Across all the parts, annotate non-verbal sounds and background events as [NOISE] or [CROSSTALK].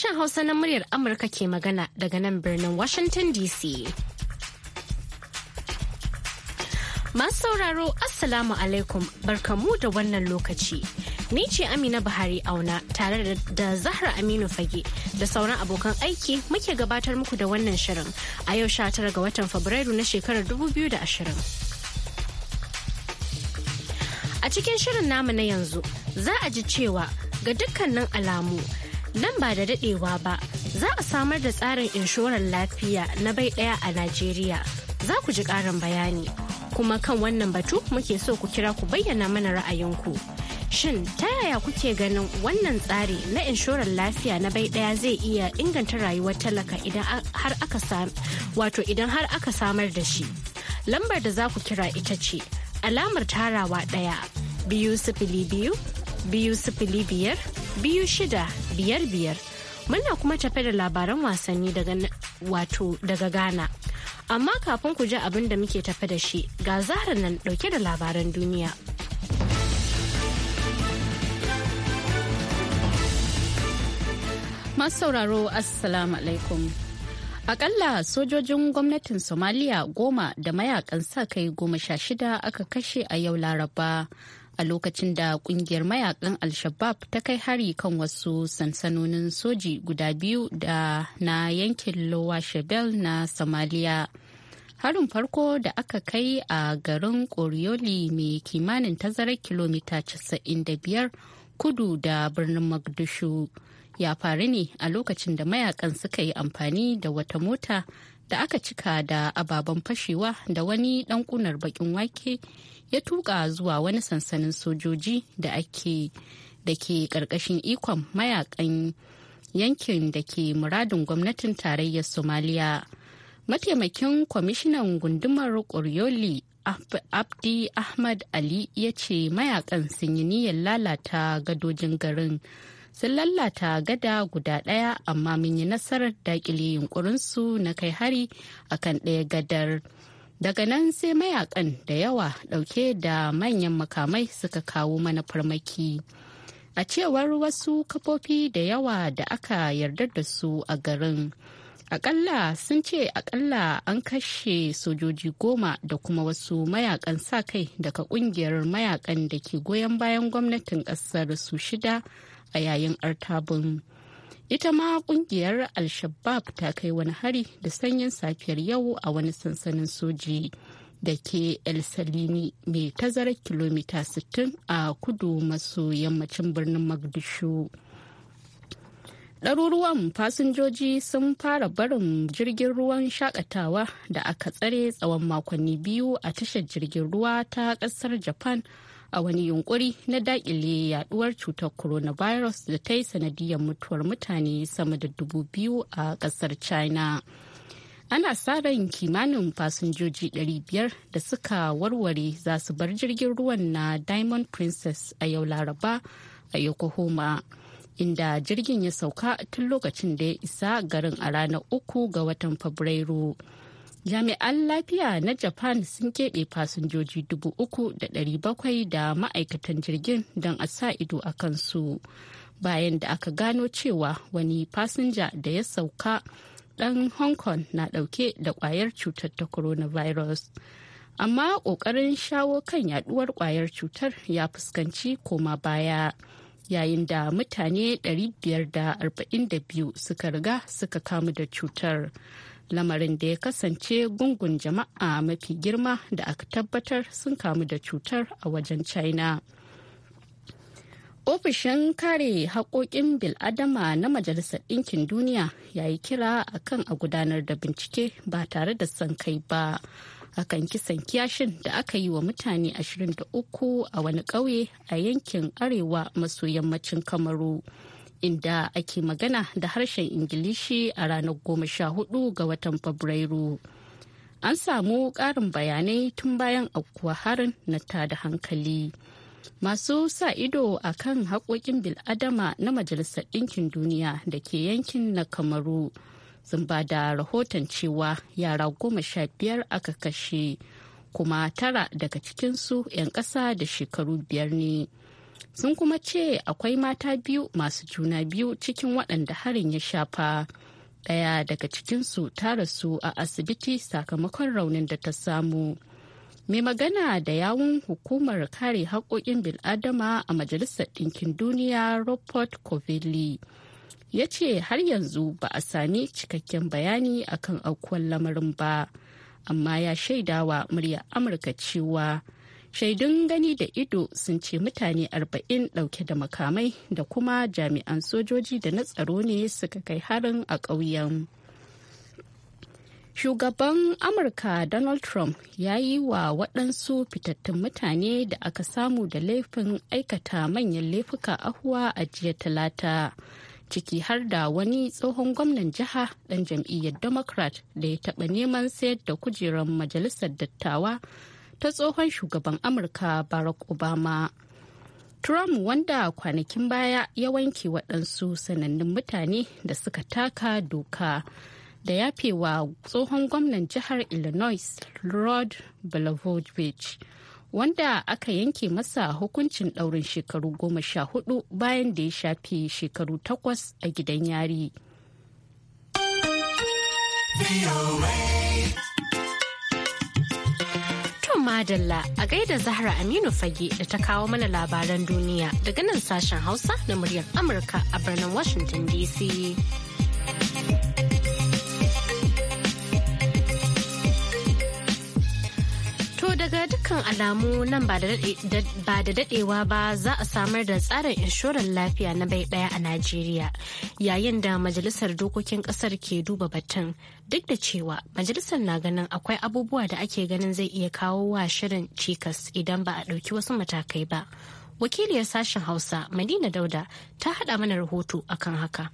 Sashen Hausa na muryar Amurka ke magana daga nan birnin Washington DC. Masu sauraro Assalamu alaikum barkamu da wannan lokaci. Ni ce Amina Buhari auna tare da Zahra Aminu Fage da sauran abokan aiki muke gabatar muku da wannan shirin a yau tara ga watan Fabrairu na shekarar 2020. A cikin shirin namu na yanzu za a ji cewa ga dukkanin alamu Nan ba da daɗewa ba, za a samar da tsarin inshorar lafiya na bai ɗaya a Najeriya. Za ku ji ƙarin bayani. Kuma kan wannan batu muke so ku kira ku bayyana mana ra'ayinku. Shin ta yaya kuke ganin wannan tsari na inshorar lafiya na bai ɗaya zai iya inganta rayuwar talaka idan har aka wato idan har aka samar da shi? Lambar da za ku kira ita ce alamar tarawa ɗaya biyu sifili biyu biyu sifili biyar biyu shida biyar biyar muna kuma tafe da labaran wasanni daga wato daga ghana amma kafin ku ji abin da muke tafe da shi ga zahar nan dauke da labaran duniya masu sauraro assalamu alaikum Akalla sojojin gwamnatin Somaliya goma da mayakan sa kai goma sha shida aka kashe a yau Laraba a lokacin da kungiyar mayakan al-shabab ta kai hari kan wasu sansanonin soji guda biyu da na yankin lowa shebel na somalia harin farko da aka kai a garin koriyoli mai kimanin tazarar kilomita 95 kudu da birnin magdushu ya faru ne a lokacin da mayakan suka yi amfani da wata mota da aka cika da ababen fashewa da wani dan kunar bakin wake ya tuka zuwa wani sansanin sojoji da ake da ke karkashin ikon mayakan yankin da ke muradin gwamnatin tarayyar somaliya mataimakin kwamishinan gundumar koryoli abdi ahmad ali ya ce mayakan sun yi niyyar lalata gadojin garin sun lalata gada guda ɗaya amma mun yi nasarar dakile yunkurinsu na kai hari akan ɗaya gadar. daga nan sai mayakan da yawa ɗauke da manyan makamai suka kawo mana farmaki a cewar wasu kafofi da yawa da aka yarda da su a garin Akalla sun ce akalla an kashe sojoji goma da kuma wasu mayakan sa kai daga kungiyar mayakan da ke goyon bayan gwamnatin kasar su shida a yayin artabun. Ita ma kungiyar al ta kai wani hari da sanyin safiyar yau a wani sansanin soji. da ke El Salini mai tazarar kilomita 60 a kudu maso yammacin birnin Magdishu. ɗaruruwan fasinjoji sun fara barin jirgin ruwan shakatawa da aka tsare tsawon makonni biyu a tashar jirgin ruwa ta ƙasar japan a wani yunkuri na daƙile yaduwar cutar coronavirus da ta yi sanadiyar mutuwar mutane sama da dubu biyu a ƙasar china ana sa ran kimanin fasinjoji 500 da suka warware za su bar jirgin ruwan na diamond princess a yau laraba a yokohama inda jirgin ya sauka tun lokacin da ya isa garin a ranar uku ga watan fabrairu jami'an lafiya na japan sun keɓe fasinjoji dubu uku da ɗari bakwai da ma'aikatan jirgin don a sa ido a kansu bayan da aka gano cewa wani fasinja da ya sauka ɗan hong kong na ɗauke da ƙwayar cutar ta coronavirus amma ƙoƙarin shawo kan yaɗuwar ƙwayar cutar ya fuskanci koma baya. yayin da mutane 542 suka riga suka kamu da cutar lamarin da ya kasance gungun jama'a mafi girma da aka tabbatar sun kamu da cutar a wajen china ofishin kare haƙoƙin biladama na majalisar ɗinkin duniya ya yi kira akan a gudanar da bincike ba tare da san kai ba akan kisan kiyashin da aka yi wa mutane 23 a wani ƙauye a yankin arewa maso yammacin kamaru inda ake magana da harshen ingilishi a ranar 14 ga watan fabrairu an samu ƙarin bayanai tun bayan aukuwa harin na tada hankali masu sa ido a kan haƙoƙin biladama na majalisar ɗinkin duniya da ke yankin na kamaru sun ba da rahoton cewa yara goma sha biyar aka kashe kuma tara daga cikinsu 'yan ƙasa da shekaru biyar ne sun kuma ce akwai mata biyu masu juna biyu cikin waɗanda harin ya shafa ɗaya daga cikinsu ta rasu a asibiti sakamakon raunin da ta samu mai magana da yawun hukumar kare haƙoƙin bil'adama a majalisar ɗinkin duniya robert covelli ya ce har yanzu ba a sami cikakken bayani akan aukuwar lamarin ba amma ya shaidawa murya amurka cewa shaidun gani da ido sun ce mutane 40 dauke da makamai da kuma jami'an sojoji da na tsaro ne suka kai harin a ƙauyen shugaban amurka donald trump ya yi wa waɗansu fitattun mutane da aka samu da laifin aikata manyan laifuka ahuwa a jiya talata ciki har da wani tsohon gwamnan jiha ɗan jam'iyyar democrat da ya taɓa neman sayar da kujerar majalisar dattawa ta tsohon shugaban amurka barack obama trump wanda kwanakin baya ya wanke waɗansu sanannun mutane da suka taka doka da yafewa tsohon gwamnan jihar illinois rod blavovich wanda aka yanke masa hukuncin ɗaurin shekaru goma sha hudu bayan da ya shafe shekaru takwas a gidan yari. Tun madalla a gaida Zahra Aminu Fage da ta kawo mana labaran duniya daga nan sashen Hausa na muryar Amurka a birnin Washington DC. daga dukkan alamu nan ba da dadewa ba za a samar da tsarin inshorar lafiya na bai daya a najeriya yayin da majalisar dokokin kasar ke duba batun duk da cewa majalisar na ganin akwai abubuwa da ake ganin zai iya kawo wa shirin cikas idan ba a ɗauki wasu matakai ba wakiliyar sashen hausa madina dauda ta haɗa mana rahoto akan haka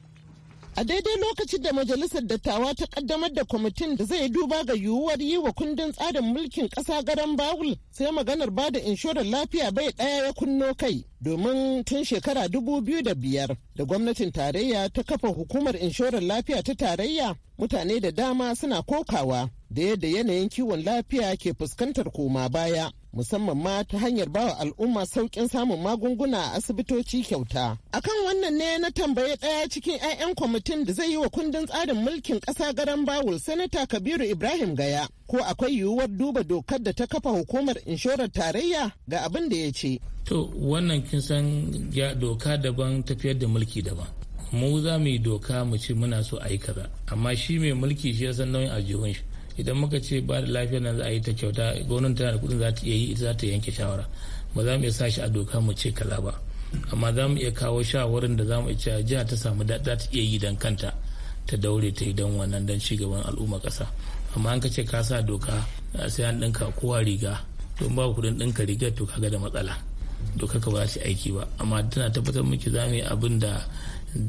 A daidai lokacin da Majalisar Dattawa ta kaddamar da kwamitin da zai duba ga yiwuwar yi wa kundin tsarin mulkin ƙasa garan Bawul sai maganar ba da inshorar lafiya bai ɗaya ya kunno kai domin tun shekara dubu biyu da biyar da gwamnatin tarayya ta kafa hukumar inshorar lafiya ta tarayya mutane da dama suna kokawa da yadda yanayin kiwon lafiya ke fuskantar koma baya musamman ma ta hanyar bawa al'umma sauƙin samun magunguna a asibitoci kyauta. Akan wannan ne na tambayi ɗaya cikin 'ya'yan kwamitin da zai yi wa kundin tsarin mulkin ƙasa garan bawul sanata Kabiru Ibrahim Gaya ko akwai yiwuwar duba dokar da ta kafa hukumar inshorar tarayya ga abin da ya ce. To wannan kin san ya doka daban tafiyar da mulki daban. Mu za mu yi doka mu ce muna so a yi kaza amma shi mai mulki shi ya san nauyin aljihun shi. idan muka ce ba da lafiyar nan za a yi ta kyauta gonan tana da kuɗin za ta iya yi za ta yanke shawara ba za mu iya sashi a doka mu ce kaza ba amma za mu iya kawo shawarar da za mu iya jiha ta samu za ta iya yi don kanta ta daure ta yi don wannan don cigaban al'umma kasa amma an ka ce ka sa doka sai an ko kowa riga don ba kuɗin ɗinka riga to kaga da matsala doka ka ba za ta aiki ba amma tana tabbatar miki za mu yi abin da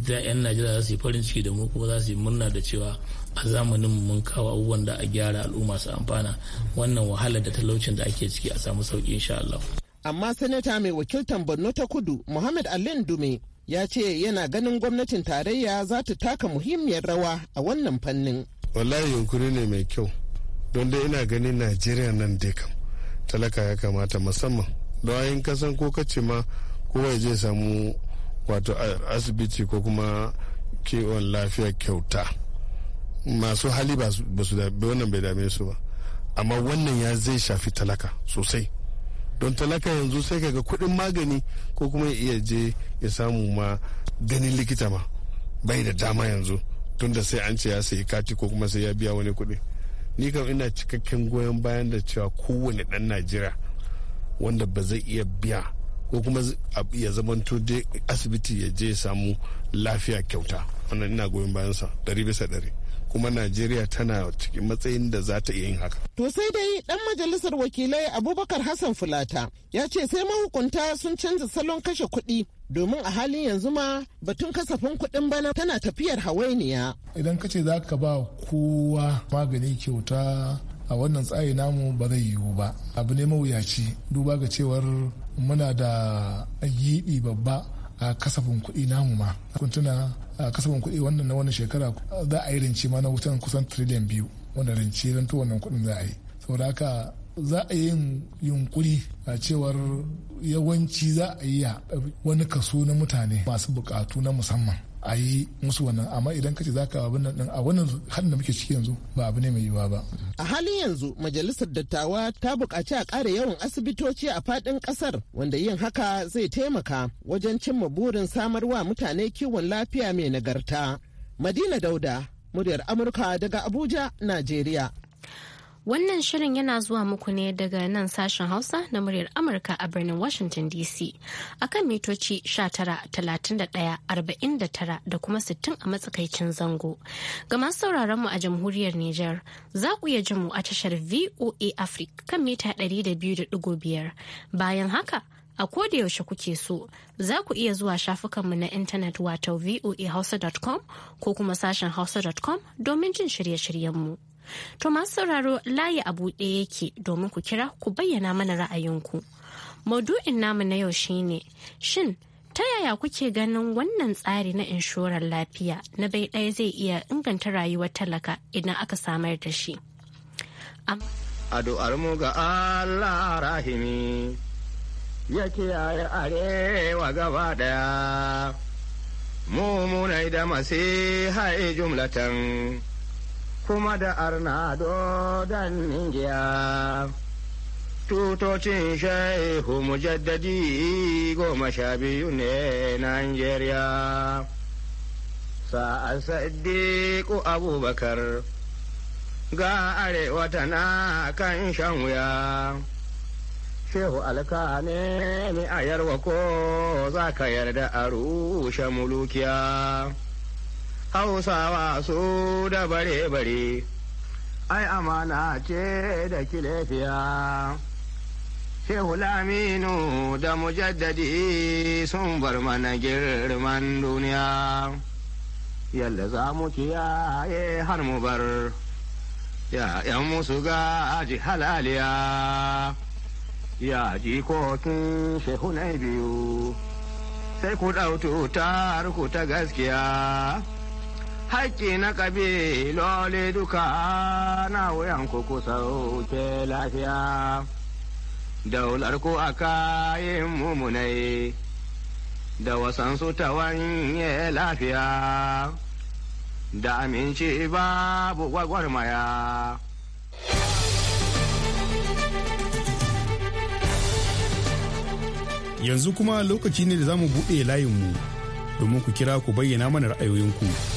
'yan najeriya za su yi farin ciki da mu kuma za su yi murna da cewa a zamanin mun kawo abubuwan da a gyara al'umma su amfana wannan wahalar da talaucin da ake ciki a samu sauki insha Allah. Amma sanata mai wakiltan Borno ta Kudu Muhammad Alin Dume ya ce yana ganin gwamnatin tarayya za ta taka muhimmiyar rawa a wannan fannin. Wallahi yunkuri ne mai kyau don dai ina ganin Najeriya nan dai kam talaka ya kamata musamman don ayin kasan ko kace ma kowa zai samu wato asibiti ko kuma kiwon lafiya kyauta. masu hali ba su da wannan bai dame su ba amma wannan ya zai shafi talaka sosai don talaka yanzu sai ga kudin magani ko kuma iya je ya samu ma ganin likita ma bai da dama yanzu tunda sai an ce ya sayi kati ko kuma sai ya biya wani kudi ni kam ina cikakken goyon bayan da cewa kowane dan najeriya wanda ba zai iya biya ko kuma ya zamanto dai asibiti ya je samu lafiya kyauta wannan ina goyon bayansa ɗari bisa ɗari kuma najeriya tana cikin matsayin da za ta iya yin haka to sai dai dan majalisar wakilai abubakar hassan fulata ya ce sai mahukunta sun canza salon kashe kuɗi domin a halin yanzu ma batun kasafin kuɗin bana tana tafiyar hawainiya idan ka ce za ka ba kowa magani kyauta a wannan tsari namu ba zai yiwu ba abu ne mawuyaci duba ga cewar muna da giɗi babba a kasafin kuɗi namu ma kun tuna kasafin kuɗi wannan na wannan shekara za a yi rance ma na wutan kusan triliyan biyu wanda rance ranto wannan kuɗin za a yi saboda haka za a yi yunkuri a cewar yawanci za a yi wani kaso na mutane masu bukatu na musamman a yi musu wannan amma idan za zaka abin nan a wannan halin da muke ciki yanzu ba abu ne mai yiwuwa ba a halin yanzu majalisar dattawa ta buƙaci a ƙara yawan asibitoci a faɗin ƙasar wanda yin haka zai taimaka wajen cimma burin samarwa mutane kiwon lafiya mai nagarta madina dauda muryar amurka daga abuja najeriya Wannan shirin yana zuwa muku ne daga nan sashen Hausa na muryar Amurka a birnin Washington DC a kan mitoci 19,31,49 da kuma 60 a matsakaicin zango. Ga masu sauraron mu a jamhuriyar Nijar, za ku iya jin mu a tashar VOA Africa kan mita 200.5. Bayan haka, a yaushe kuke so za ku iya zuwa shafukanmu na intanet wato voahausa.com ko kuma sashen hausa.com domin jin shirye-shiryenmu. To masu sauraro layi a buɗe yake domin ku kira ku bayyana mana ra'ayinku. Maudu'in namu na yau shine shin ta yaya kuke ganin wannan tsari na inshorar lafiya na bai ɗaya zai iya inganta rayuwar talaka idan aka samar da shi? Addu'ar mu ga Allah rahimi ya kiyaye arewa gaba ɗaya, mu munai da masu jumlatan. jumlatan. kuma da arnado dan ingiya tutocin shehu mujaddadi goma sha biyu ne Najeriya. Sa'ad ku Abubakar ga arewa tana kan shan wuya. Shehu alkane ne mi a yarwa ko za ka yarda a rushe mulukiya. hausawa su da bare-bare ai amana ce da kilefiya shehu laminu da mujaddadi sun bar mana girman duniya yalla za mu kiyaye har mu bar ya'yan musu gaji halaliya ya jikokin shehu na biyu sai ku ɗautu ta ta gaskiya haƙƙi na ƙabilole duka na wuyan ku sauke lafiya. Daular ku a kayan mummunai da wasansu ta wanye lafiya, da aminci babu gwagwarmaya. Yanzu kuma lokaci ne da za mu buɗe layinmu domin ku kira ku bayyana mana ra'ayoyinku.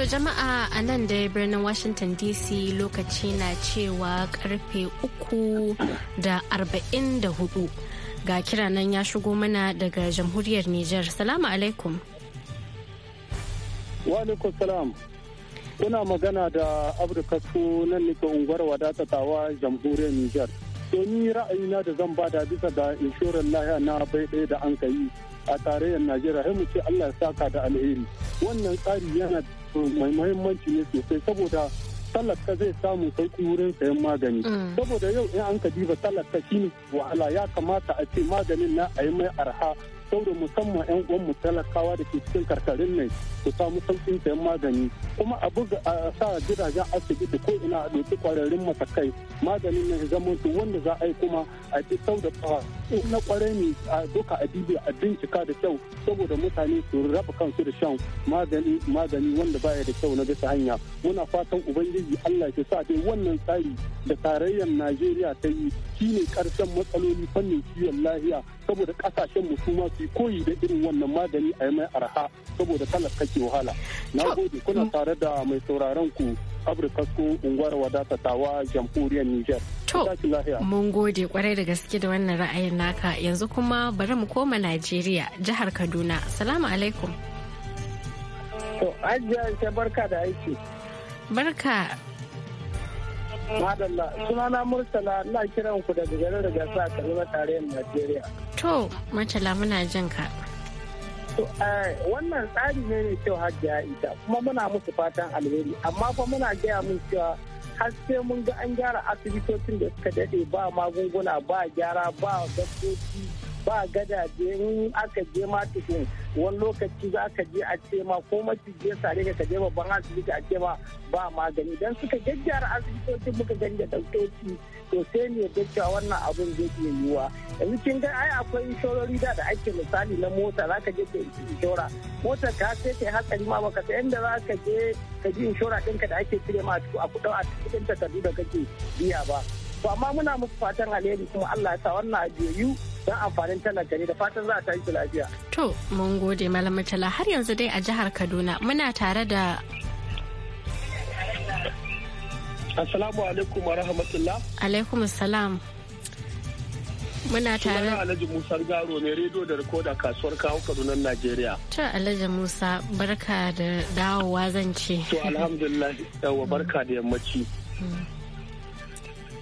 To jama'a a nan da birnin Washington DC lokaci na cewa karfe uku da arba'in da hudu ga kira nan ya shigo mana daga jamhuriyar Nijar. Salamu alaikum. Wa alaikum salam. Kuna magana da Abdu nan nika unguwar wadatatawa jamhuriyar Nijar. Domin ra'ayina da zan bada bisa da inshorar lahiya na bai ɗaya da an kayi a tarayyar Najeriya, mu ce Allah ya saka da alheri. Wannan tsari yana mai mahimmanci ne sosai saboda talaka zai samu sauki wurin sayan magani mm. saboda yau in an ka diba talaka shine wahala ya kamata a ce maganin na a yi mai arha saboda musamman 'yan uwanmu talakawa da ke cikin karkarin nan su samu sauƙin sayan magani kuma a buga a sa gidajen asibiti ko ina a ɗauki ƙwararrun matakai maganin nan zaman su wanda za a yi kuma a bi sau da kawa na kwarai ne a duka a bibi a bincika da kyau saboda mutane su raba kansu da shan magani magani wanda baya da kyau na bisa hanya muna fatan ubangiji Allah ya sa dai wannan tsari da tarayyar Najeriya ta yi shine karshen matsaloli fannin kiwon lahiya saboda ƙasashen mu su su koyi da irin wannan magani a yi mai arha saboda talaka ke wahala na gode kuna mm. tare da mai sauraron ku afirka ko unguwar wadatatawa jamhuriyar niger mun gode kwarai da gaske da wannan ra'ayin naka yanzu kuma bari mu koma najeriya jihar kaduna salamu alaikum to ajiya barka da aiki barka Madalla, sunana Murtala na kiran ku daga garin da gasa a na tarayyar Najeriya. To, Murtala muna jin ka. Eh, wannan tsari ne ne kyau ya ita kuma muna musu fatan alheri amma fa muna gaya mun cewa har sai mun ga an gyara asibitocin da suka dade ba magunguna ba gyara ba dabbobi ba gadaje in aka je ma tukun wani lokaci za ka je a ce ma ko je sare ka je babban asibiti a ce ma ba magani dan suka gyaggyara asibitoci muka ganja daukoki to sai ne da cewa wannan abun zai iya yiwuwa yanzu kin ga ai akwai inshorori da da ake misali na mota za ka je ka yi inshora mota ka sai yi hatsari ma baka sai inda za ka je ka ji inshora ɗinka da ake cire ma a kudin a cikin takardu da kake biya ba to amma muna muku fatan alheri kuma Allah ya sa wannan ajiyoyi don amfanin talaka ne da fatan za a tashi lafiya. To mun gode malam Murtala har yanzu dai a jihar Kaduna muna tare da Assalamu alaikum wa rahmatullah. Alaikum salam. Muna tare. Suna Alhaji Musa Garo ne rediyo da rikoda kasuwar kawo Kadunan Najeriya. To Alhaji Musa barka da dawowa zan ce. To alhamdulillah yawa barka da yammaci. Mm.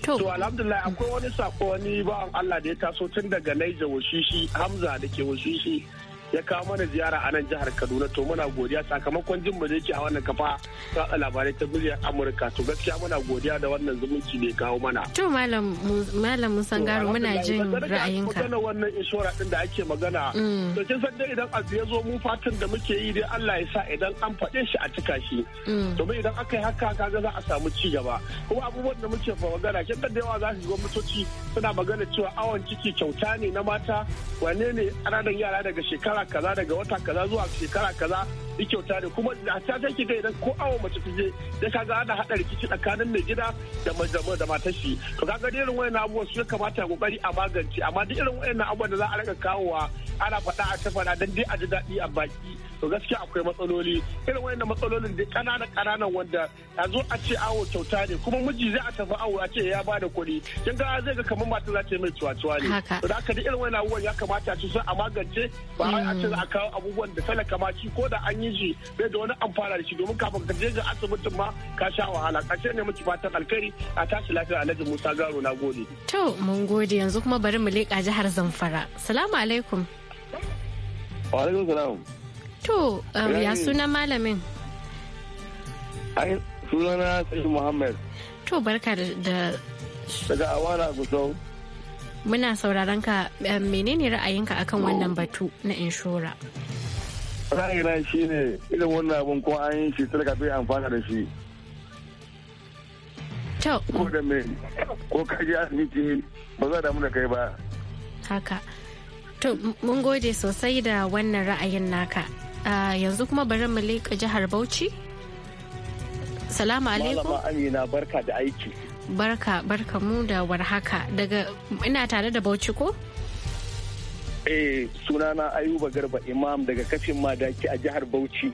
To alhamdulillah akwai wani sako wani bawan Allah da ya taso tun daga Naija Washishi Hamza da ke Washishi ya kawo mana ziyara a nan jihar Kaduna to muna godiya sakamakon jin da yake a wannan kafa ta labarai ta muryar Amurka to gaskiya muna godiya da wannan zumunci da kawo mana. To malam malam Musangaro muna jin ra'ayinka. Magana wannan inshora din da ake magana. Mm. To kin san dai idan azu ya zo mu fatan da muke yi dai Allah ya sa idan an faɗe shi a cika shi. Mm. Domin idan aka yi haka kaga za a samu ci gaba. Kuma abubuwan da muke magana kin da yawa za su gwamnatoci suna magana cewa awon ciki kyauta ne na mata wane ne ƙananan yara daga shekara shekara kaza daga wata kaza zuwa shekara kaza duk kyauta ne kuma a ta ki ga idan ko awo mace ta je da ga ana hada rikici tsakanin mai gida da majama da matar shi to kaga irin wayannan abubuwa su ya kamata kokari a magance amma duk irin wayannan abubuwa da za a rika kawowa ana faɗa a ta tafara dan dai a ji daɗi a baki to gaskiya akwai matsaloli irin wayannan matsalolin da kanana kananan wanda a zo a ce awa kyauta ne kuma miji zai a tafi awo a ce ya ba da kuɗi kin ga zai ga kamar mata za ta yi mai cuwa-cuwa ne to da haka da irin wayannan abubuwa ya kamata su a magance ba a ce za a hmm. kawo abubuwan da talaka ma shi ko da an yi shi bai da wani amfana da shi domin kafin ka je ga asibitin ma ka sha wahala ƙarshe ne miki fatan alkhairi a tashi lafiya Alhaji Musa Garo na gode. To mun gode yanzu kuma bari mu leƙa jihar Zamfara. Salamu alaikum. Wa alaikum salam. To um, ya suna malamin. sunana Sayyid Muhammad. To barka da daga Awana Gusau. Muna sauraron ka eh, menene ra'ayinka akan wannan batu na inshora? Ra'ayina shi ne irin wannan abun ko an yi shi talaka bai amfana da shi. Ko da me ko ka ji asibiti ba za damu da kai ba. Haka. To mun gode sosai da wannan ra'ayin naka. Ah, yanzu kuma bari mu leƙa jihar Bauchi. Salamu alaikum. Malama Amina barka da aiki. barka barka mu da warhaka daga ina tare da bauchi ko? Eh sunana Ayuba Garba Imam daga kafin madaki a jihar Bauchi.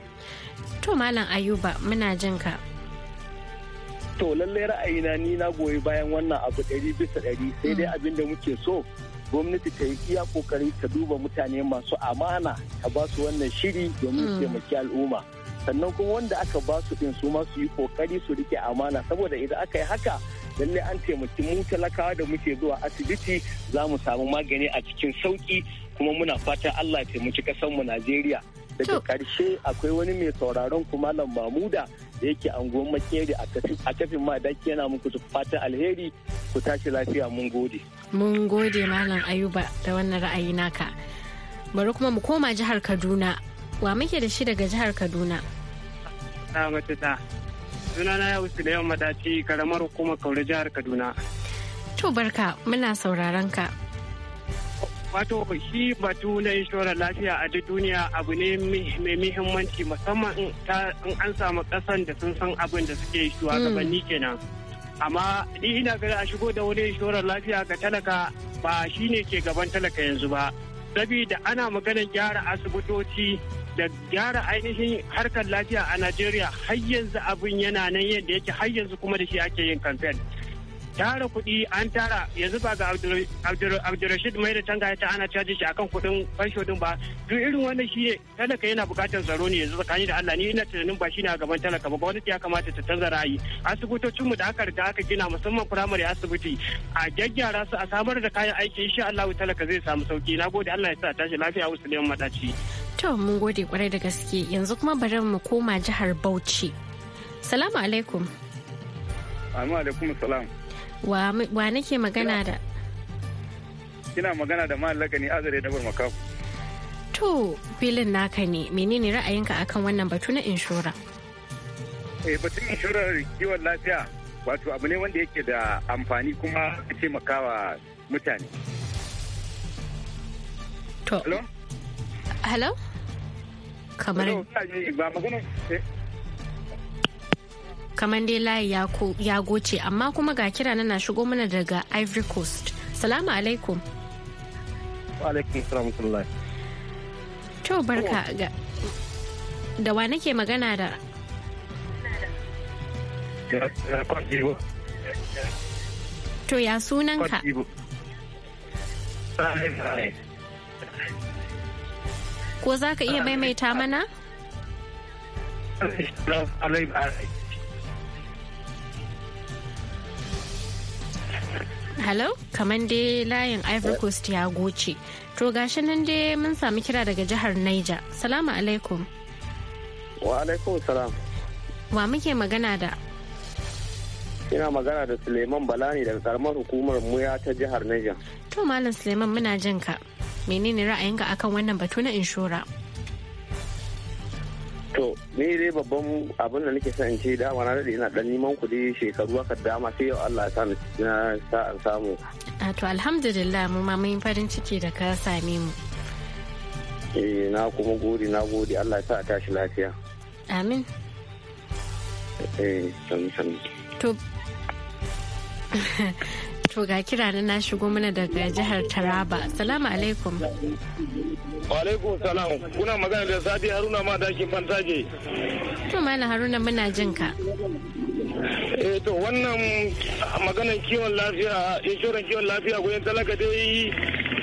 To Malam Ayuba muna jin ka. To lalle ra'ayina ni na goyi bayan wannan abu ɗari bisa ɗari sai dai mm. abin da muke so gwamnati ta yi iya kokari ta duba mutane masu amana ta ba su wannan shiri domin mm. taimaki al'umma sannan kuma wanda aka ba su din su ma su yi kokari su rike amana saboda idan aka yi haka lalle an taimaki mu talakawa da muke zuwa asibiti za mu samu magani a cikin sauki kuma muna fatan Allah ya taimaki mu Najeriya. Daga karshe akwai wani mai sauraron malam Mamuda da yake anguwan makeri a kafin madaki yana muku fatan alheri ku tashi lafiya mun gode. Mun gode Malam Ayuba da wannan ra'ayi naka. Bari kuma mu koma jihar Kaduna. Wa muke da shi daga jihar Kaduna? Sunana ya wuce da yawan madaci karamar hukumar Kaure jihar Kaduna. To barka muna sauraron ka. Wato shi batu na inshorar lafiya a duk duniya abu ne mai muhimmanci musamman in an samu kasan da sun san abin da suke mm. gabanni kenan. Amma ni ina gari a shigo da wani inshorar lafiya ga talaka ba shine ke gaban talaka yanzu ba. Sabida ana maganar gyara asibitoci da gyara ainihin harkar lafiya a Najeriya har yanzu abin yana nan yadda yake har yanzu kuma da shi ake yin kamfen. Tara kuɗi an tara yanzu ba ga Abdulrashid mai da tanga ta ana caji shi akan kuɗin fansho din ba duk irin wannan shi talaka yana buƙatar tsaro ne yanzu tsakani da Allah ni ina tunanin ba shine a gaban talaka ba wani ya kamata ta canza ra'ayi asibitocin mu da aka riga aka gina musamman firamare asibiti a gyaggyara su a samar da kayan aiki insha Allah talaka zai samu sauki nagode Allah ya sa tashi lafiya usulaiman Madaci. To mun gode kwarai da gaske yanzu kuma bari mu koma jihar Bauchi. Salamu alaikum. Amma alaikum salam. Wa, nake magana da? Kina magana da mallaka ne azare da makafu. To filin naka ne menene ra'ayinka akan wannan batu na inshora? Eh batun inshorar kiwon lafiya wato abu ne wanda yake da amfani kuma taimakawa mutane. To. Hello? hello kamar kamar dai layi ya goce amma kuma ga kira na shigo mana daga ivory coast salamu alaikum alaikum salamatullahi to barka ga da wa nake magana da to ya sunanka ko za ka iya maimaita mana? Hello, kamar dai layin Ivory Coast ya goce. To gashi nan dai mun sami kira daga jihar Niger. Salamu alaikum. Wa alaikum salam. Wa muke magana da? Ina magana da Suleiman Balani daga karamar hukumar muya ta jihar Niger. To Malam Suleiman muna jin ka. menene ra'ayinka akan wannan batu na inshora to ni dai babban abin da nake son in ce dama na daɗe ina ɗan neman kuɗi shekaru haka dama sai yau Allah ya na sa an samu a to alhamdulillah mu ma mun farin ciki da ka same mu eh na kuma gode na gode Allah ya sa a tashi lafiya amin eh sami sami to [LAUGHS] To ga kira na na shigo mana daga jihar Taraba. Salamu alaikum. Wa alaikum salam. Kuna magana da Sadi Haruna ma dakin Fantaje. To mana Haruna muna jin ka. eh to wannan maganar kiwon lafiya inshoran kiwon lafiya goyen talaka dai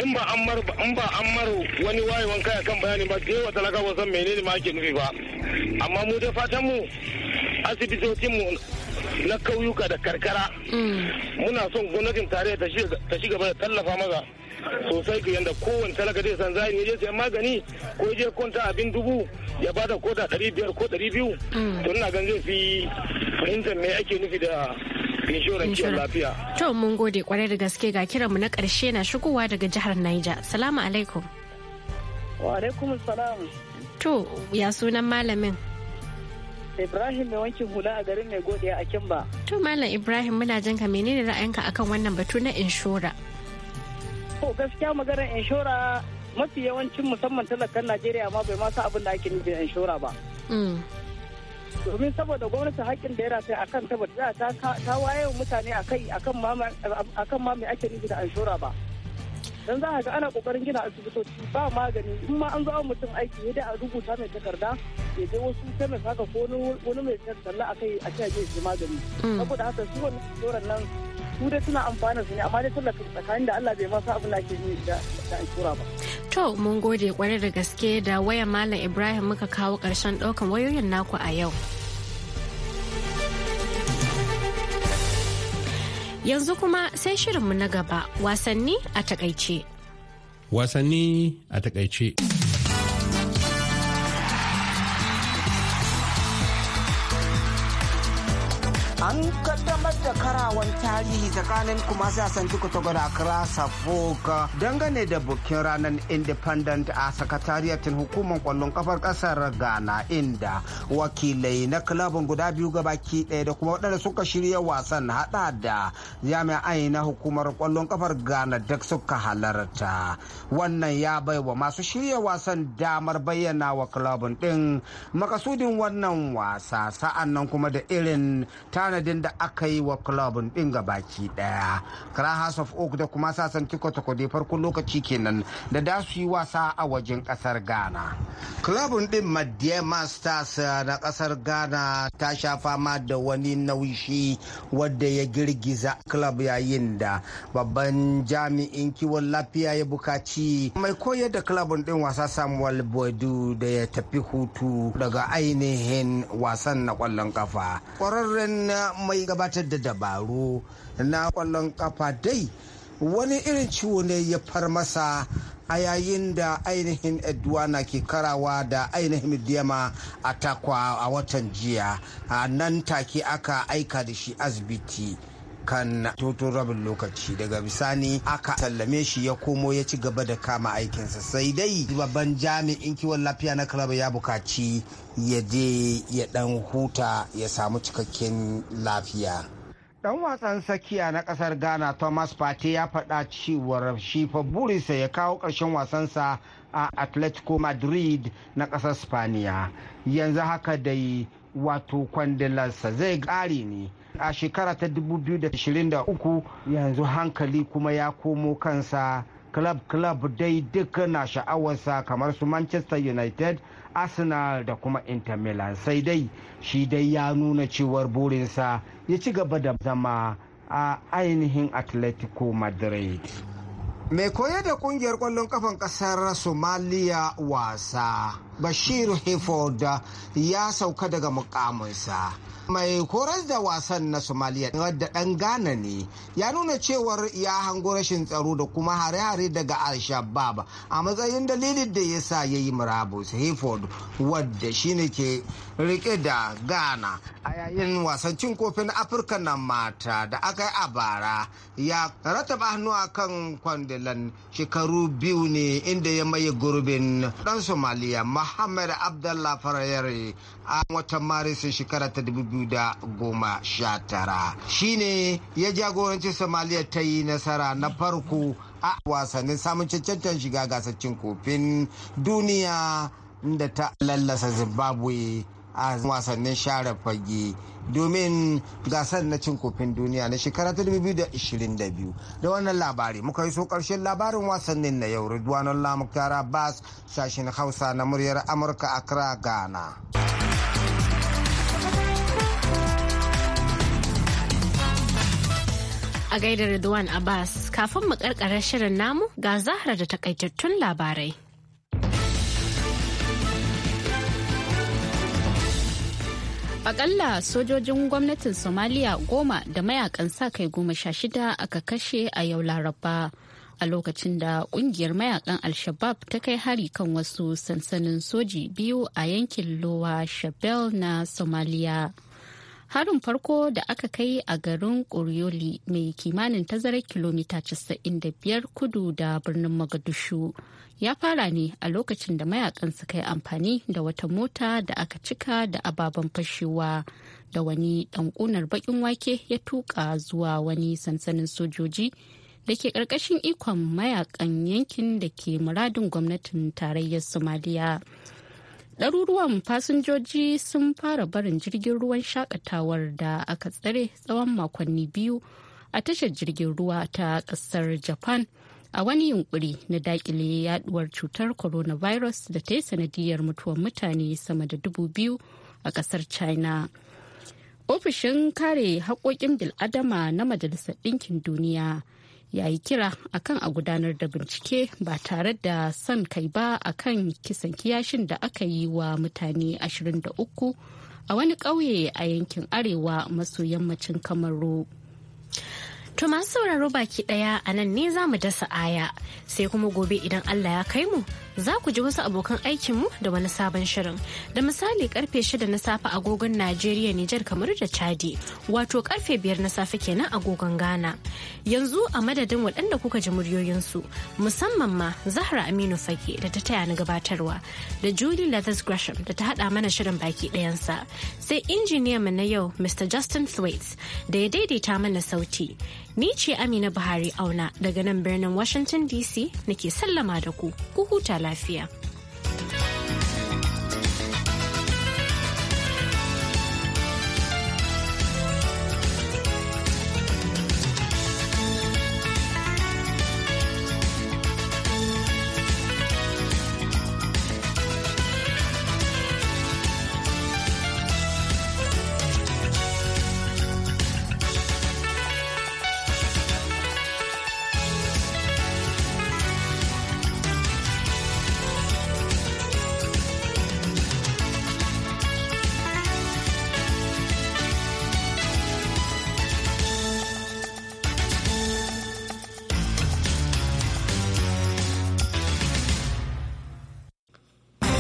in ba an mar in ba an mar wani wayewan kai kan bayani ba dai wata talaka ba san menene ma ake nufi ba amma mu dai fatan mu asibitocin mu na kauyuka da karkara mm. muna son gwamnatin tarayya ta shiga da tallafa maza sosai ga yadda kowane talaka zai san zai ne je sayan magani ko je kwanta abin dubu ya ba ko da ɗari biyar ko ɗari biyu mm. to ina gan zai fi fahimtar me ake nufi da inshoran kiwon lafiya. To mun gode kwarai da gaske ga kiranmu na ƙarshe na shigowa daga jihar Niger. Salamu alaikum. Wa alaikum salam. To ya sunan malamin? Ibrahim mai wankin hula a garin mai godiya a Kimba. To Malam Ibrahim muna jin ka menene ra'ayinka akan wannan batu na inshora? To gaskiya maganar inshora mafi yawancin musamman talakan Najeriya ma bai masu abun abin da ake nufi inshora ba. Mm. Domin saboda gwamnati haƙƙin da ya rataye a kan ta ta wayewa mutane a akan ma mai ake nufi da inshora ba. dan za a ga ana kokarin gina asibitoci ba magani in ma an zo mutum aiki ya da a rubuta mai takarda ya je wasu kemis haka ko wani mai talla a kai a ce je shi magani mm. saboda haka su wannan tsoron nan su dai suna amfana su ne amma dai tallafin tsakanin da Allah bai ma sa abu da ke yi da tura ba to mun gode kwarai da gaske da waya malam Ibrahim muka kawo karshen daukan wayoyin naku a yau Yanzu kuma sai shirinmu na gaba wasanni a takaice. Wasanni a takaice. An kaɗa da karawan tarihi tsakanin kuma kumasi a duka ta gwada kira safoka dangane da bukin ranar independent a sakatariyatin hukumar kwallon kafar kasar ghana inda wakilai na kilabin guda biyu gabaki ɗaya da kuma waɗanda suka shirya wasan hada da jami'ai na hukumar kwallon kafar ghana duk suka halarta wannan ya bai wa masu shirya wasan damar bayyana wa kilabin ɗin makasudin wannan wasa sa'an nan kuma da irin tanadin da aka yi wa kafuwar club din baki daya kra house of oak da kuma sasan tikotoko dai farkon lokaci kenan da da su yi wasa a wajen kasar ghana club din madia masters eh, na kasar ghana ta sha fama da wani naushi wadda ya girgiza club yayin da babban jami'in kiwon lafiya ya bukaci mai koyar da club din wasa samuel boydu da ya tafi hutu daga ainihin wasan na kwallon kafa kwararren eh, mai gabatar da dabaru na kwallon kafa dai wani irin ciwo ne ya far masa a yayin da ainihin edwana ke karawa da ainihin diyama a takwa a watan jiya a nan take aka aika da shi asibiti kan toto rabin lokaci daga bisani aka sallame shi ya komo ya ci gaba da kama aikinsa sai dai babban jami'in kiwon lafiya na kalaba ya bukaci ya je ya dan huta ya samu cikakken lafiya dan wasan tsakiya na kasar ghana thomas pate ya faɗa cewa shi fa burinsa ya kawo ƙarshen wasansa a atletico madrid na ƙasar spaniya yanzu haka dai wato kwandilarsa zai ƙare ne a shekara ta 2023 yanzu hankali kuma ya komo kansa club club dai duk na sha'awarsa kamar su manchester united arsenal da kuma inter milan sai dai shi dai ya nuna cewar burinsa ya ci gaba da zama a ainihin atletico madrid mai koyar da kungiyar kwallon kafan kasar somaliya wasa bashir hayford ya sauka daga mukaminsa mai koras da wasan na somaliya wadda dan ghana ne ya nuna cewar ya hango rashin tsaro da kuma hare-hare daga al-shabab a matsayin dalilin da ya sa ya yi murabus hayford wadda shine ke rike da ghana a yayin wasan cin kofin afirka na mata da aka yi a bara ya rataba hannu a kan kwandilan shekaru biyu ne inda ya maye gurbin dan somaliya muhammad abdallah a watan maris shekara ta 2019 shine ya jagoranci somaliya ta yi nasara na farko a wasannin samun cancantar shiga gasar kofin duniya da ta lallasa zimbabwe a wasannin share fage domin gasar na cin kofin duniya na shekara ta 2022 da wannan labari muka yi so karshen labarin wasannin na yau ridwanon lamuktara bas sashen hausa na muryar amurka a accra ghana a gaida Ridwan Abbas kafin mu karkara shirin namu ga Zahra da takaitattun labarai. Akalla sojojin gwamnatin Somaliya goma da mayakan sa kai goma sha shida aka kashe a yau Laraba. a lokacin da kungiyar mayakan al-shabab ta kai hari kan wasu sansanin soji biyu a yankin lowa shabelle na somaliya harin farko da aka kai a garin Koryoli mai kimanin tazarar kilomita 95 kudu da birnin Mogadishu ya fara ne a lokacin da mayakan suka yi amfani da wata mota da aka cika da ababen fashewa da wani ɗanƙunar baƙin bakin wake ya tuka zuwa wani sansanin sojoji da ke ƙarƙashin ikon mayakan yankin da ke muradin gwamnatin tarayyar somaliya ɗaruruwan fasinjoji sun fara barin jirgin ruwan shakatawar da aka tsare tsawon makonni biyu a tashar jirgin ruwa ta ƙasar japan a wani yunkuri na daƙile yaduwar cutar coronavirus da ta yi sanadiyar mutuwar mutane sama da dubu biyu a ƙasar china ofishin kare haƙoƙin bil'adama na majalisar ɗinkin duniya ya yi kira akan a gudanar da bincike ba tare da son kai ba a kan kisan kiyashin da aka yi wa mutane 23 a wani ƙauye a yankin arewa maso yammacin kamaru. To masu sauraro baki ɗaya a nan ne za mu dasa aya sai kuma gobe idan Allah ya kai mu za ku ji wasu abokan aikinmu da wani sabon shirin da misali karfe shida na safe agogon najeriya nijar kamar da chadi wato karfe biyar na safe kenan agogon ghana yanzu a madadin waɗanda kuka ji muryoyinsu musamman ma zahra aminu fage da ta taya ni gabatarwa da julie lathis gresham da ta haɗa mana shirin baki ɗayansa sai injiniyanmu na yau mr justin thwaites da ya daidaita mana sauti Ni ce Amina Buhari Auna daga nan birnin Washington DC nake sallama da ku, ku huta lafiya.